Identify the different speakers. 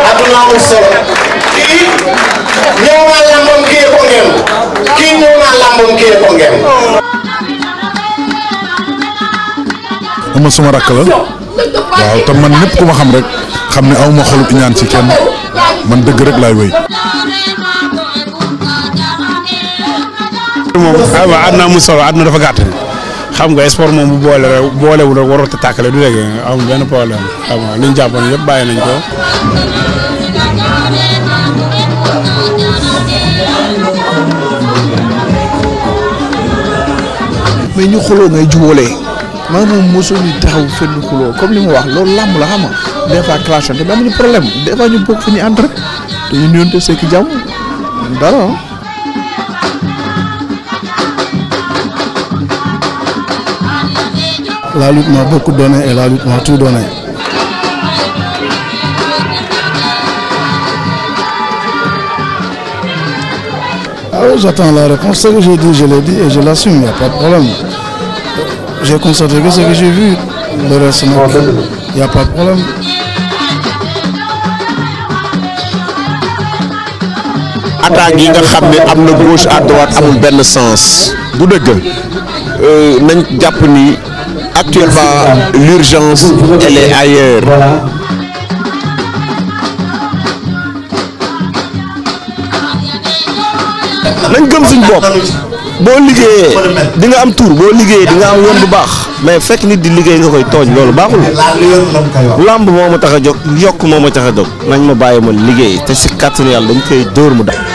Speaker 1: adduna amul ama suma rakk la waaw te man ñëpp ku ma xam rek xam ne aw ma xolub iñaan ci kenn man dëgg rek lay wéy. moom ah waaw àdduna amul solo àdduna dafa gàtt. xam nga sport moom bu boole rek boolewul rek warut a tàkkale du dégg am benn problème xam nga li ñu jàppoon yëpp bàyyi nañ ko. mais ñu xuloo ngay jubóolee man moom mosuñu taxaw fenn xuloo comme li ma wax loolu làmb la xam nga des fois clash te ba amuñu problème des fois ñu bokk fu ñu ànd rek te ñu nuyoonte sekk jàmm dara. La lutte m'a beaucoup donné et la lutte m'a tout donné. Ah oui, j'attends la réponse. Ce que j'ai dit, je l'ai dit et je l'assume, il n'y a pas de problème. J'ai constaté que ce que j'ai vu, le reste, il pas de problème. attaque nga xam ne am na gauche à droite amul benn sens bu dëgg euh, nañ jàpp ni actuellement l'urgence elle est ailleurs nañ gëm suñ bopp boo liggéeyee di nga am tur boo liggéeyee di nga am yoon bu baax mais fekk nit di liggéey nga koy tooñ loolu baaxul làmb moo ma tax a jóg yokk moo ma tax a jóg nañ ma bàyyi ma liggéey te si kàttanu yàlla dañ koy dóor mu da